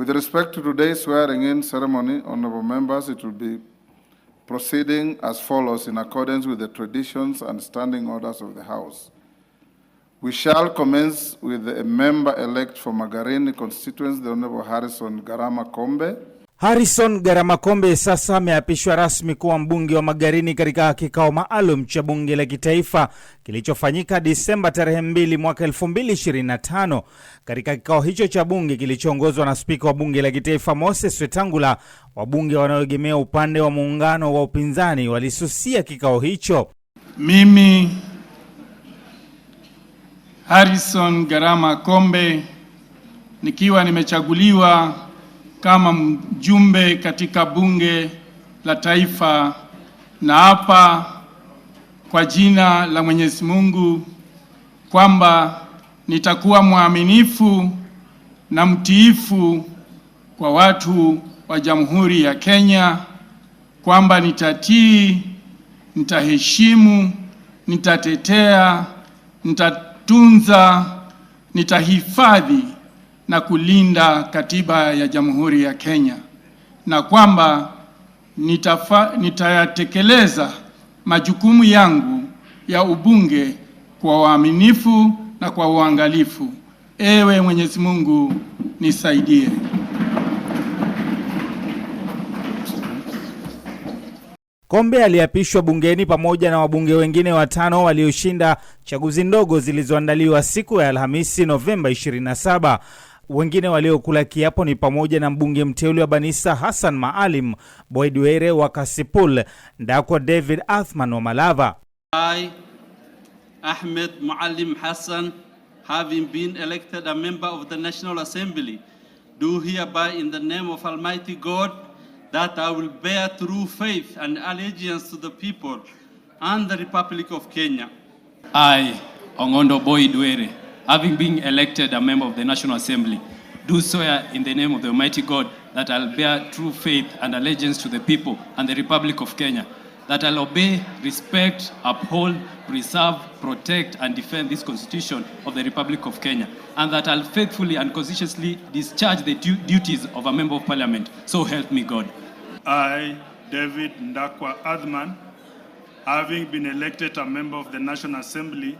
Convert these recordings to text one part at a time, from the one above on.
With respect to today's swearing-in ceremony, honorable members, it will be proceeding as follows in accordance with the traditions and standing orders of the House. We shall commence with a member-elect for Magarini constituency, the Honorable Harrison Garama Kombe. Harrison Garamakombe sasa ameapishwa rasmi kuwa mbunge wa Magarini katika kikao maalum cha bunge la kitaifa kilichofanyika Disemba tarehe 2 mwaka 2025. Katika kikao hicho cha bunge kilichoongozwa na spika wa bunge la kitaifa Moses Wetangula, wabunge wanaoegemea upande wa muungano wa upinzani walisusia kikao hicho. Mimi Harrison Garamakombe nikiwa nimechaguliwa kama mjumbe katika bunge la taifa, na hapa kwa jina la Mwenyezi Mungu kwamba nitakuwa mwaminifu na mtiifu kwa watu wa Jamhuri ya Kenya, kwamba nitatii, nitaheshimu, nitatetea, nitatunza, nitahifadhi na kulinda katiba ya Jamhuri ya Kenya na kwamba nitafa, nitayatekeleza majukumu yangu ya ubunge kwa uaminifu na kwa uangalifu. Ewe Mwenyezi Mungu nisaidie. Kombe aliapishwa bungeni pamoja na wabunge wengine watano walioshinda chaguzi ndogo zilizoandaliwa siku ya Alhamisi Novemba 27. Wengine waliokula kiapo ni pamoja na mbunge mteuli wa Banisa Hassan Maalim, Boidwere wa Kasipul, Ndakwa David Athman wa Malava. I, Ahmed Maalim Hassan, having been elected a member of the National Assembly, do hereby in the name of Almighty God that I will bear true faith and allegiance to the people and the Republic of Kenya. I, Ongondo Boidwere having been elected a member of the National Assembly, do swear in the name of the Almighty God that I'll bear true faith and allegiance to the people and the Republic of Kenya, that I'll obey, respect, uphold, preserve, protect, and defend this Constitution of the Republic of Kenya, and that I'll faithfully and conscientiously discharge the du duties of a Member of Parliament. So help me God. I, David Ndakwa Adman, having been elected a member of the National Assembly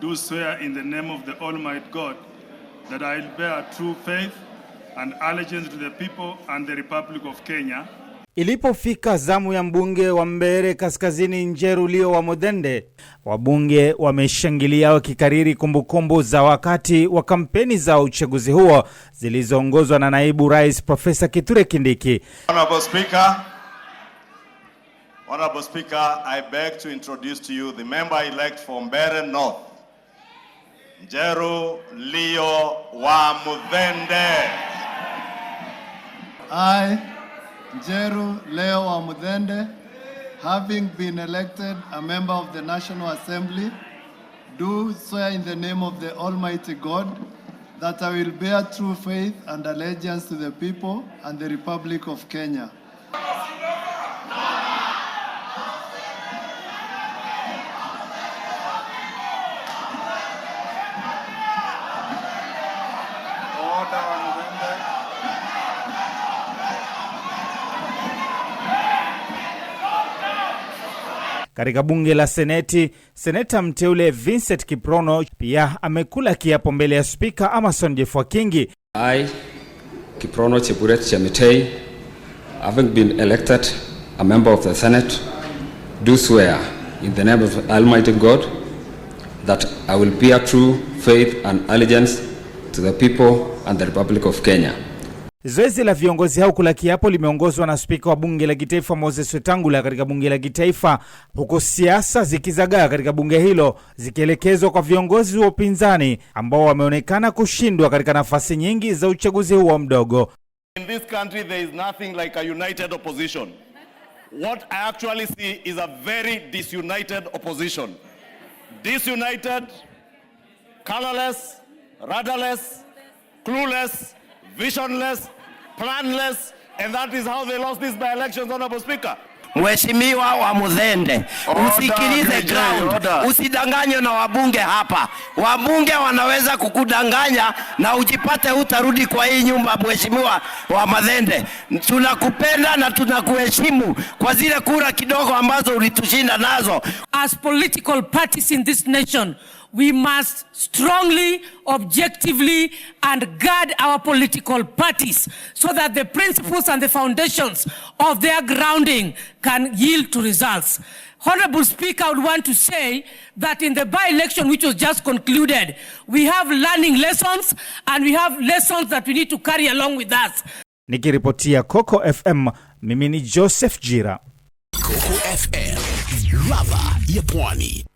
do swear in the name of the Almighty God that I will bear true faith and allegiance to the people and the Republic of Kenya. Ilipofika zamu ya mbunge wa Mbeere Kaskazini Njeru Lio wa Modende, wabunge wameshangilia wakikariri kumbukumbu za wakati wa kampeni za uchaguzi huo zilizoongozwa na naibu rais Profesa Kithure Kindiki. Honorable Speaker, Honorable Speaker, I beg to introduce to you the member elect for Mbeere North Njeru leo wa Muthende. I, Njeru Leo wa Muthende, having been elected a member of the National Assembly, do swear in the name of the Almighty God that I will bear true faith and allegiance to the people and the Republic of Kenya. katika bunge la Seneti. Seneta mteule Vincent Kiprono pia amekula kiapo mbele ya Spika Amason jefua Kingi. I Kiprono Cheburet Chemitei having been elected a member of the Senate do swear in the name of Almighty God that I will bear true faith and allegiance to the people and the Republic of Kenya Zoezi la viongozi hao kula kiapo limeongozwa na spika wa bunge la kitaifa Moses Wetangula katika bunge la kitaifa, huku siasa zikizagaa katika bunge hilo zikielekezwa kwa viongozi wa upinzani ambao wameonekana kushindwa katika nafasi nyingi za uchaguzi huo mdogo. In this country there is nothing like a united opposition. What I actually see is a very disunited opposition. Disunited, colorless, rudderless, clueless visionless, planless, and that is how they lost this by elections, Honorable Speaker. Mheshimiwa wa Mudhende, usikilize ground, usidanganywe na wabunge hapa. Wabunge wanaweza kukudanganya na ujipate utarudi kwa hii nyumba. Mheshimiwa wa Mudhende, tunakupenda na tunakuheshimu kwa zile kura kidogo ambazo ulitushinda nazo. As political parties in this nation we must strongly, objectively, and guard our political parties so that the principles and the foundations of their grounding can yield to results. Honorable Speaker, I would want to say that in the by-election which was just concluded, we have learning lessons and we have lessons that we need to carry along with us. Nikiripotia Coco FM, Mimini Joseph Jira. Coco FM, Lava ya